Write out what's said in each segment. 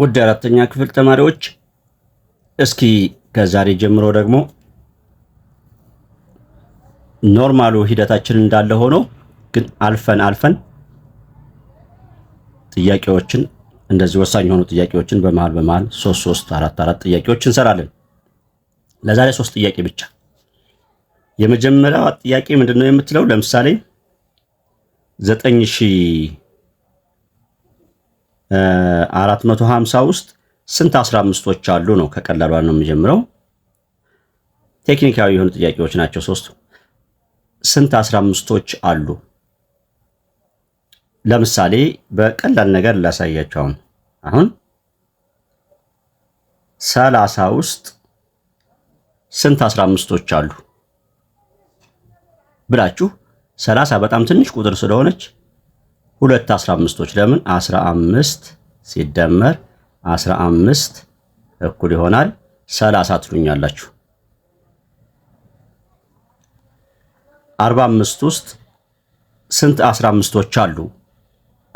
ውድ አራተኛ ክፍል ተማሪዎች እስኪ ከዛሬ ጀምሮ ደግሞ ኖርማሉ ሂደታችን እንዳለ ሆኖ ግን አልፈን አልፈን ጥያቄዎችን እንደዚህ ወሳኝ የሆኑ ጥያቄዎችን በመሃል በመሃል ሶስት ሶስት አራት አራት ጥያቄዎች እንሰራለን። ለዛሬ ሶስት ጥያቄ ብቻ። የመጀመሪያው ጥያቄ ምንድን ነው የምትለው ለምሳሌ ዘጠኝ ሺህ 450 ውስጥ ስንት አስራ አምስቶች አሉ ነው ከቀላሏ ነው የሚጀምረው ቴክኒካዊ የሆኑ ጥያቄዎች ናቸው ሶስቱ ስንት አስራ አምስቶች አሉ ለምሳሌ በቀላል ነገር ላሳያቸውን አሁን ሰላሳ ውስጥ ስንት አስራ አምስቶች አሉ ብላችሁ ሰላሳ በጣም ትንሽ ቁጥር ስለሆነች ሁለት አስራ አምስቶች ለምን አስራ አምስት ሲደመር አስራ አምስት እኩል ይሆናል ሰላሳ ትሉኛላችሁ። አርባ አምስት ውስጥ ስንት አስራ አምስቶች አሉ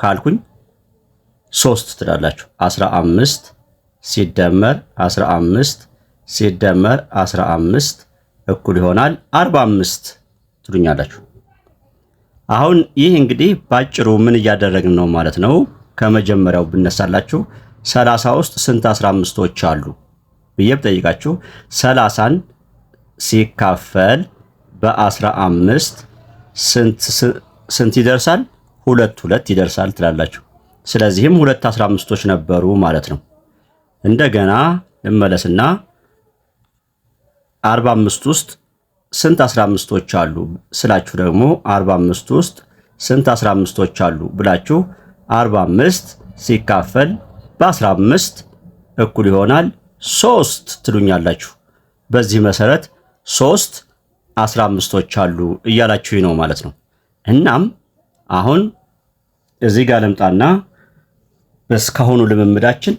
ካልኩኝ ሶስት ትላላችሁ። አስራ አምስት ሲደመር አስራ አምስት ሲደመር አስራ አምስት እኩል ይሆናል አርባ አምስት ትሉኛላችሁ። አሁን ይህ እንግዲህ ባጭሩ ምን እያደረግን ነው ማለት ነው? ከመጀመሪያው ብነሳላችሁ ሰላሳ ውስጥ ስንት አስራ አምስቶች አሉ ብዬ ብጠይቃችሁ ሰላሳን ሲካፈል በአስራ አምስት ስንት ይደርሳል? ሁለት ሁለት ይደርሳል ትላላችሁ። ስለዚህም ሁለት አስራ አምስቶች ነበሩ ማለት ነው። እንደገና ልመለስና አርባ አምስት ውስጥ ስንት አስራ አምስቶች አሉ ስላችሁ ደግሞ አምስት ውስጥ ስንት አስራ አምስቶች አሉ ብላችሁ አምስት ሲካፈል በአስራ አምስት እኩል ይሆናል ሶስት ትሉኛላችሁ። በዚህ መሰረት ሶስት አስራ አምስቶች አሉ እያላችሁ ነው ማለት ነው። እናም አሁን እዚህ ጋር ልምጣና እስካሁኑ ልምምዳችን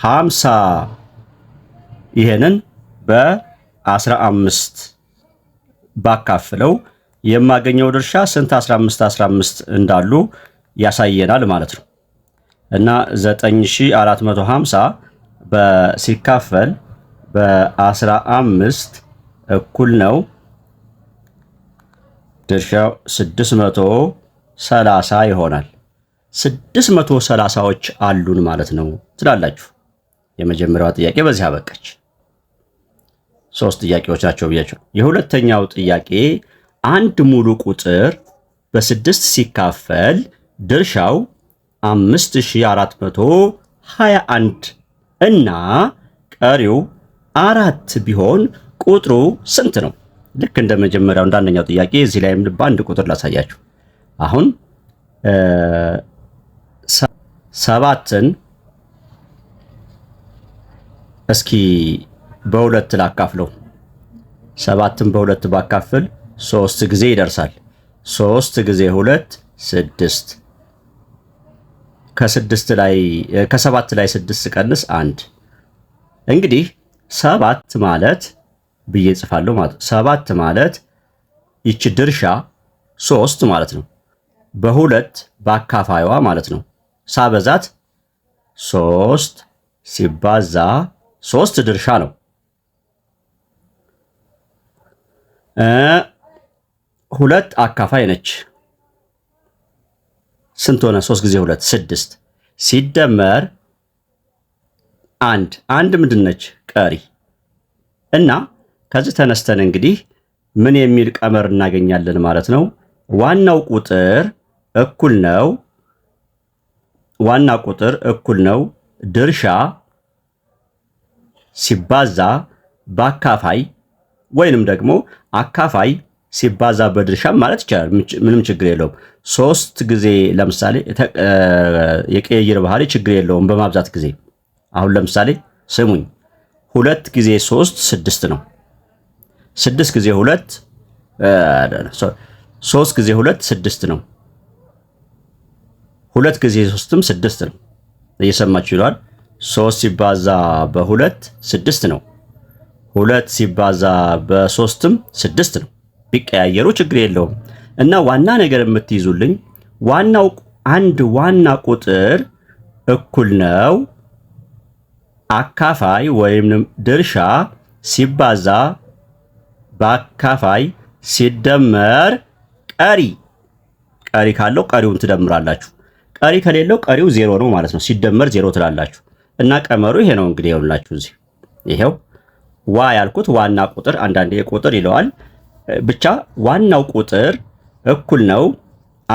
ሀምሳ ይሄንን በ15 ባካፍለው የማገኘው ድርሻ ስንት 15 15 እንዳሉ ያሳየናል ማለት ነው እና 9450 በሲካፈል በ15 እኩል ነው ድርሻው 630 ይሆናል። 630ዎች አሉን ማለት ነው ትላላችሁ። የመጀመሪያዋ ጥያቄ በዚህ አበቃች። ሶስት ጥያቄዎች ናቸው ብያቸው። የሁለተኛው ጥያቄ አንድ ሙሉ ቁጥር በስድስት ሲካፈል ድርሻው 5421 እና ቀሪው አራት ቢሆን ቁጥሩ ስንት ነው? ልክ እንደ መጀመሪያው እንደ አንደኛው ጥያቄ እዚህ ላይም አንድ ቁጥር ላሳያችሁ። አሁን ሰባትን እስኪ በሁለት ላካፍለው። ሰባትን በሁለት ባካፍል ሶስት ጊዜ ይደርሳል። ሶስት ጊዜ ሁለት ስድስት። ከስድስት ላይ ከሰባት ላይ ስድስት ቀንስ አንድ። እንግዲህ ሰባት ማለት ብዬ ጽፋለሁ ማለት ሰባት ማለት ይቺ ድርሻ ሶስት ማለት ነው። በሁለት በአካፋዩዋ ማለት ነው። ሳበዛት ሶስት ሲባዛ ሶስት ድርሻ ነው። ሁለት አካፋይ ነች። ስንት ሆነ? ሶስት ጊዜ ሁለት ስድስት ሲደመር አንድ አንድ ምንድን ነች? ቀሪ እና ከዚህ ተነስተን እንግዲህ ምን የሚል ቀመር እናገኛለን ማለት ነው። ዋናው ቁጥር እኩል ነው። ዋና ቁጥር እኩል ነው ድርሻ ሲባዛ በአካፋይ ወይንም ደግሞ አካፋይ ሲባዛ በድርሻ ማለት ይቻላል። ምንም ችግር የለውም። ሶስት ጊዜ ለምሳሌ የቅይር ባህሪ ችግር የለውም። በማብዛት ጊዜ አሁን ለምሳሌ ስሙኝ፣ ሁለት ጊዜ ሶስት ስድስት ነው። ስድስት ጊዜ ሁለት ሶስት ጊዜ ሁለት ስድስት ነው። ሁለት ጊዜ ሶስትም ስድስት ነው። እየሰማችሁ ይለዋል። ሶስት ሲባዛ በሁለት ስድስት ነው። ሁለት ሲባዛ በሶስትም ስድስት ነው። ቢቀያየሩ ችግር የለውም እና ዋና ነገር የምትይዙልኝ ዋናው አንድ ዋና ቁጥር እኩል ነው አካፋይ ወይም ድርሻ ሲባዛ በአካፋይ ሲደመር ቀሪ ቀሪ ካለው ቀሪውን ትደምራላችሁ። ቀሪ ከሌለው ቀሪው ዜሮ ነው ማለት ነው። ሲደመር ዜሮ ትላላችሁ እና ቀመሩ ይሄ ነው እንግዲህ ይሆንላችሁ እዚህ ይሄው ዋ ያልኩት ዋና ቁጥር አንዳንዴ ቁጥር ይለዋል። ብቻ ዋናው ቁጥር እኩል ነው።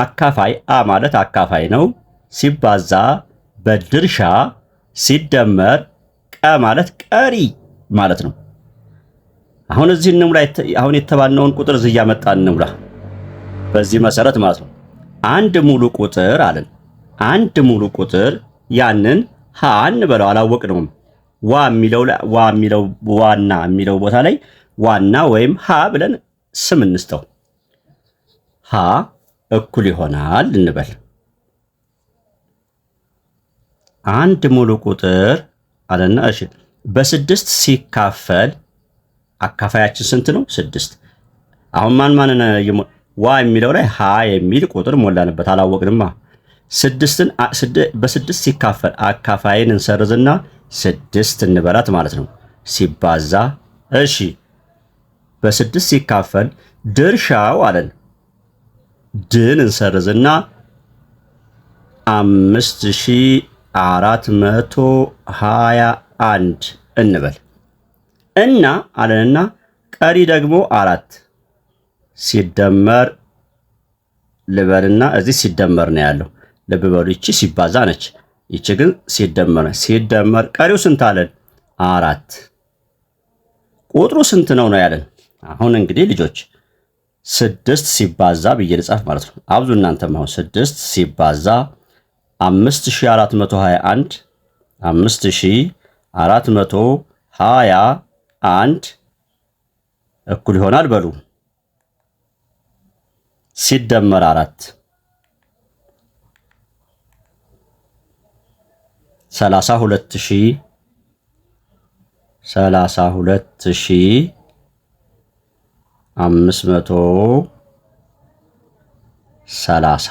አካፋይ አ ማለት አካፋይ ነው። ሲባዛ በድርሻ ሲደመር ቀ ማለት ቀሪ ማለት ነው። አሁን እዚህ እንሙላ። አሁን የተባልነውን ቁጥር እዚህ እያመጣን እንሙላ። በዚህ መሰረት ማለት ነው አንድ ሙሉ ቁጥር አለን። አንድ ሙሉ ቁጥር ያንን ሀ እንበለው አላወቅነውም። ዋ የሚለው ዋ የሚለው ዋና የሚለው ቦታ ላይ ዋና ወይም ሀ ብለን ስም እንስተው። ሀ እኩል ይሆናል እንበል። አንድ ሙሉ ቁጥር አለና እሺ፣ በስድስት ሲካፈል አካፋያችን ስንት ነው? ስድስት። አሁን ማን ማን ዋ የሚለው ላይ ሀ የሚል ቁጥር ሞላንበት፣ አላወቅንማ። ስድስትን በስድስት ሲካፈል አካፋይን እንሰርዝና ስድስት እንበላት ማለት ነው። ሲባዛ እሺ፣ በስድስት ሲካፈል ድርሻው አለን። ድን እንሰርዝና አምስት ሺ አራት መቶ ሀያ አንድ እንበል እና አለንና ቀሪ ደግሞ አራት ሲደመር ልበልና እዚህ ሲደመር ነው ያለው። ልብ በሉ ይቺ ሲባዛ ነች። ይቺ ግን ሲደመር ሲደመር ቀሪው ስንት አለን? አራት። ቁጥሩ ስንት ነው ነው ያለን? አሁን እንግዲህ ልጆች ስድስት ሲባዛ ብዬ ልጻፍ ማለት ነው። አብዙ እናንተም አሁን ስድስት ሲባዛ አምስት ሺህ አራት መቶ ሀያ አንድ አምስት አራት መቶ ሀያ አንድ እኩል ይሆናል። በሉ ሲደመር አራት ሰላሳ ሁለት ሺህ ሰላሳ ሁለት ሺህ አምስት መቶ ሰላሳ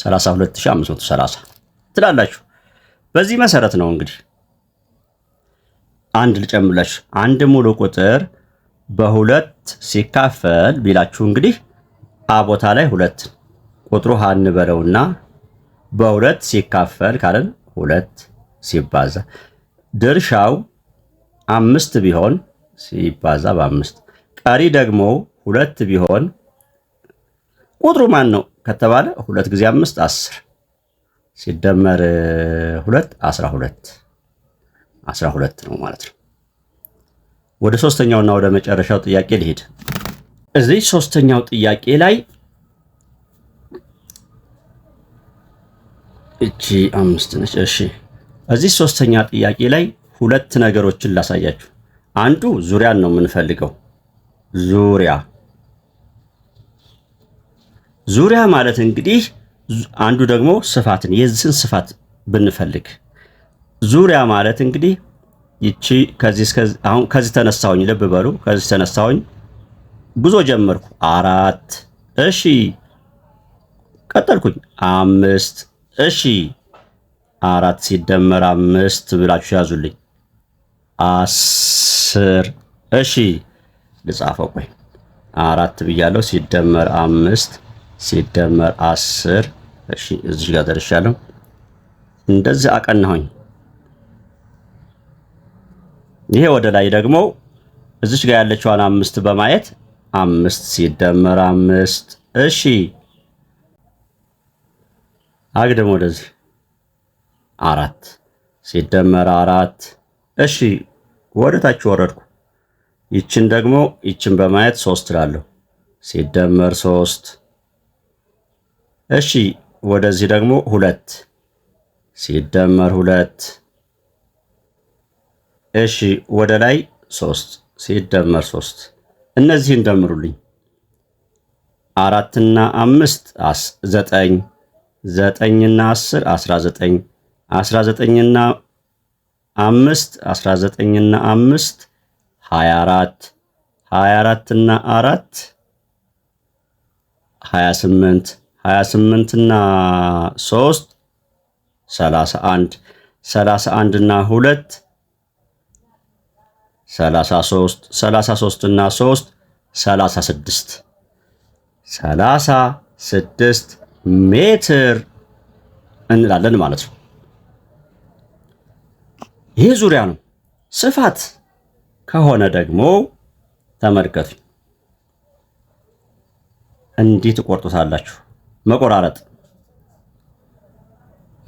ሰላሳ ሁለት ሺህ አምስት መቶ ሰላሳ ትላላችሁ። በዚህ መሰረት ነው እንግዲህ አንድ ልጨምላችሁ አንድ ሙሉ ቁጥር በሁለት ሲካፈል ቢላችሁ እንግዲህ አቦታ ላይ ሁለት ቁጥሩ ሀ እንበለውና በሁለት ሲካፈል ካለን ሁለት ሲባዛ ድርሻው አምስት ቢሆን ሲባዛ በአምስት ቀሪ ደግሞ ሁለት ቢሆን ቁጥሩ ማን ነው ከተባለ ሁለት ጊዜ አምስት አስር ሲደመር ሁለት አስራ ሁለት አስራ ሁለት ነው ማለት ነው። ወደ ሶስተኛውና ወደ መጨረሻው ጥያቄ ልሄድ። እዚህ ሶስተኛው ጥያቄ ላይ እቺ አምስት ነች። እሺ እዚህ ሶስተኛ ጥያቄ ላይ ሁለት ነገሮችን ላሳያችሁ። አንዱ ዙሪያን ነው የምንፈልገው። ዙሪያ ዙሪያ ማለት እንግዲህ አንዱ ደግሞ ስፋትን የዚህን ስፋት ብንፈልግ ዙሪያ ማለት እንግዲህ ይቺ ከዚህ እስከዚህ አሁን ከዚህ ተነሳሁኝ፣ ልብ በሉ ከዚህ ተነሳሁኝ፣ ጉዞ ጀመርኩ አራት እሺ፣ ቀጠልኩኝ አምስት እሺ አራት ሲደመር አምስት ብላችሁ ያዙልኝ። አስር እሺ ልጻፈው። ቆይ አራት ብያለሁ። ሲደመር አምስት ሲደመር አስር እሺ እዚህ ጋር ደርሻለሁ። እንደዚህ አቀናሁኝ። ይሄ ወደ ላይ ደግሞ እዚች ጋር ያለችዋን አምስት በማየት አምስት ሲደመር አምስት እሺ አግድም ወደዚህ አራት ሲደመር አራት። እሺ ወደ ታች ወረድኩ። ይችን ደግሞ ይችን በማየት ሶስት እላለሁ። ሲደመር ሶስት። እሺ ወደዚህ ደግሞ ሁለት ሲደመር ሁለት። እሺ ወደ ላይ ሶስት ሲደመር ሶስት። እነዚህን ደምሩልኝ። አራትና አምስት አስ ዘጠኝ ዘጠኝና አስር አስራ ዘጠኝ አስራ ዘጠኝና አምስት አስራ ዘጠኝና አምስት ሀያ አራት ሀያ አራትና አራት ሀያ ስምንት ሀያ ስምንትና ሶስት ሰላሳ አንድ ሰላሳ አንድና ሁለት ሰላሳ ሶስት ሰላሳ ሶስትና ሶስት ሰላሳ ስድስት ሰላሳ ስድስት ሜትር እንላለን ማለት ነው። ይህ ዙሪያ ነው። ስፋት ከሆነ ደግሞ ተመልከቱ፣ እንዲህ ትቆርጡታላችሁ። መቆራረጥ፣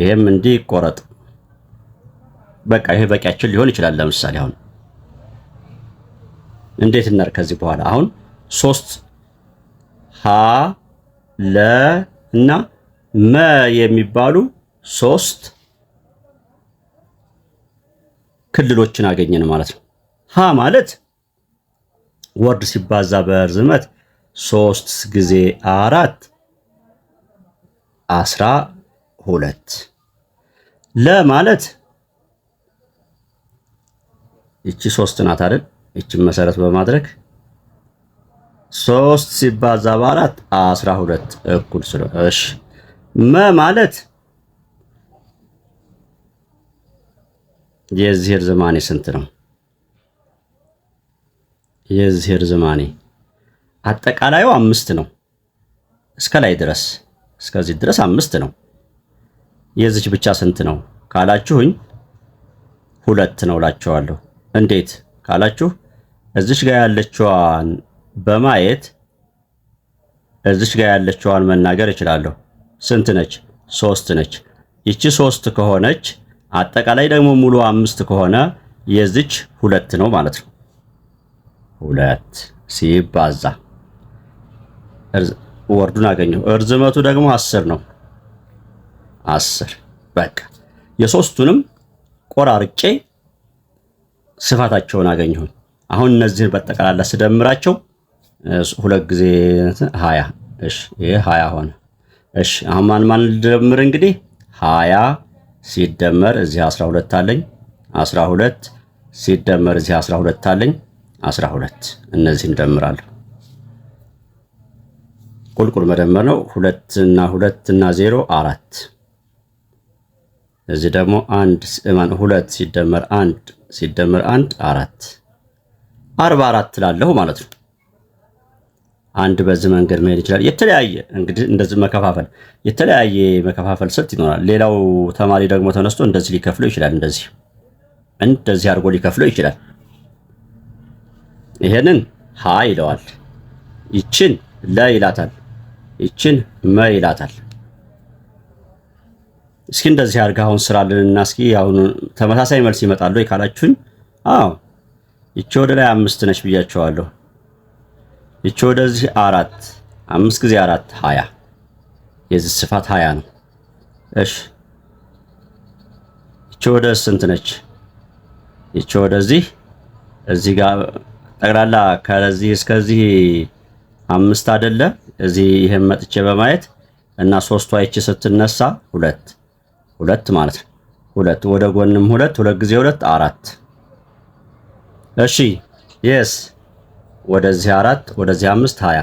ይህም እንዲህ ይቆረጥ። በቃ ይሄ በቂያችን ሊሆን ይችላል። ለምሳሌ አሁን እንዴት እናር ከዚህ በኋላ አሁን ሶስት ሀ ለ እና መ የሚባሉ ሶስት ክልሎችን አገኘን ማለት ነው። ሀ ማለት ወርድ ሲባዛ በርዝመት ሶስት ጊዜ አራት አስራ ሁለት ለ ማለት ይቺ ሶስት ናት አይደል? ይቺን መሰረት በማድረግ ሶስት ሲባዛ በአራት አስራ ሁለት እኩል ስለ እሺ መ ማለት የዚህ እርዝማኔ ስንት ነው? የዚህ እርዝማኔ አጠቃላዩ አምስት ነው። እስከ ላይ ድረስ እስከዚህ ድረስ አምስት ነው። የዚች ብቻ ስንት ነው ካላችሁኝ ሁለት ነው እላችኋለሁ። እንዴት ካላችሁ እዚች ጋር ያለችዋን በማየት እዚች ጋር ያለችዋን መናገር እችላለሁ። ስንት ነች? ሶስት ነች። ይቺ ሶስት ከሆነች አጠቃላይ ደግሞ ሙሉ አምስት ከሆነ የዚች ሁለት ነው ማለት ነው። ሁለት ሲባዛ ወርዱን አገኘው። እርዝመቱ ደግሞ አስር ነው። አስር በቃ የሶስቱንም ቆራርጬ ስፋታቸውን አገኘሁኝ። አሁን እነዚህን በጠቅላላ ስደምራቸው ሁለት ጊዜ ሀያ እሺ፣ ይሄ ሀያ ሆነ። እሺ አሁን ማን ማን ልደምር እንግዲህ ሀያ ሲደመር እዚህ አስራ ሁለት አለኝ። አስራ ሁለት ሲደመር እዚህ አስራ ሁለት አለኝ። አስራ ሁለት እነዚህን እደምራለሁ። ቁልቁል መደመር ነው። ሁለት እና ሁለት እና ዜሮ አራት። እዚህ ደግሞ አንድ ሁለት ሲደመር አንድ ሲደመር አንድ አራት አርባ አራት ትላለሁ ማለት ነው። አንድ በዚህ መንገድ መሄድ ይችላል። የተለያየ እንግዲህ እንደዚህ መከፋፈል የተለያየ መከፋፈል ስልት ይኖራል። ሌላው ተማሪ ደግሞ ተነስቶ እንደዚህ ሊከፍለው ይችላል። እንደዚህ እንደዚህ አድርጎ ሊከፍለው ይችላል። ይሄንን ሀ ይለዋል። ይችን ለ ይላታል። ይችን መ ይላታል። እስኪ እንደዚህ አድርገህ አሁን ስራልንና እስኪ አሁን ተመሳሳይ መልስ ይመጣል ካላችሁኝ፣ አዎ ይቺ ወደ ላይ አምስት ነች ብያቸዋለሁ። ይቺ ወደዚህ አራት አምስት ጊዜ አራት ሀያ የዚህ ስፋት ሀያ ነው። እሺ ይቺ ወደ ስንት ነች? ይቺ ወደዚህ እዚህ ጋር ጠቅላላ ከዚህ እስከዚህ አምስት አይደለ? እዚህ ይሄን መጥቼ በማየት እና ሶስቷ ይቺ ስትነሳ ሁለት ሁለት ማለት ነው። ሁለት ወደ ጎንም ሁለት ሁለት ጊዜ ሁለት አራት። እሺ የስ ወደዚህ አራት ወደዚህ አምስት ሀያ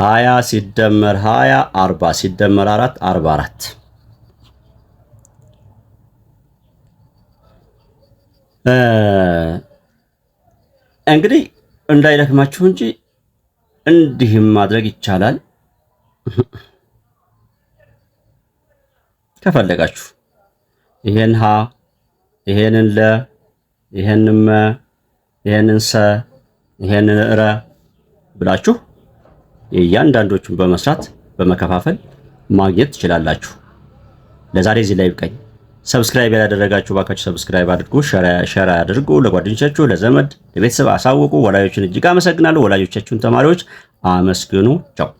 ሀያ ሲደመር ሀያ አርባ ሲደመር አራት አርባ አራት እንግዲህ እንዳይደክማችሁ እንጂ እንዲህም ማድረግ ይቻላል ከፈለጋችሁ ይሄን ሀ ይሄንን ለ ይሄንን መ ይሄንን ሰ ይሄንን እረ ብላችሁ የእያንዳንዶቹን በመስራት በመከፋፈል ማግኘት ትችላላችሁ። ለዛሬ እዚህ ላይ ይብቃኝ። ሰብስክራይብ ያላደረጋችሁ ባካችሁ ሰብስክራይብ አድርጉ፣ ሸር አድርጉ፣ ለጓደኞቻችሁ ለዘመድ ለቤተሰብ አሳውቁ። ወላጆችን እጅግ አመሰግናለሁ። ወላጆቻችሁን ተማሪዎች አመስግኑ። ቻው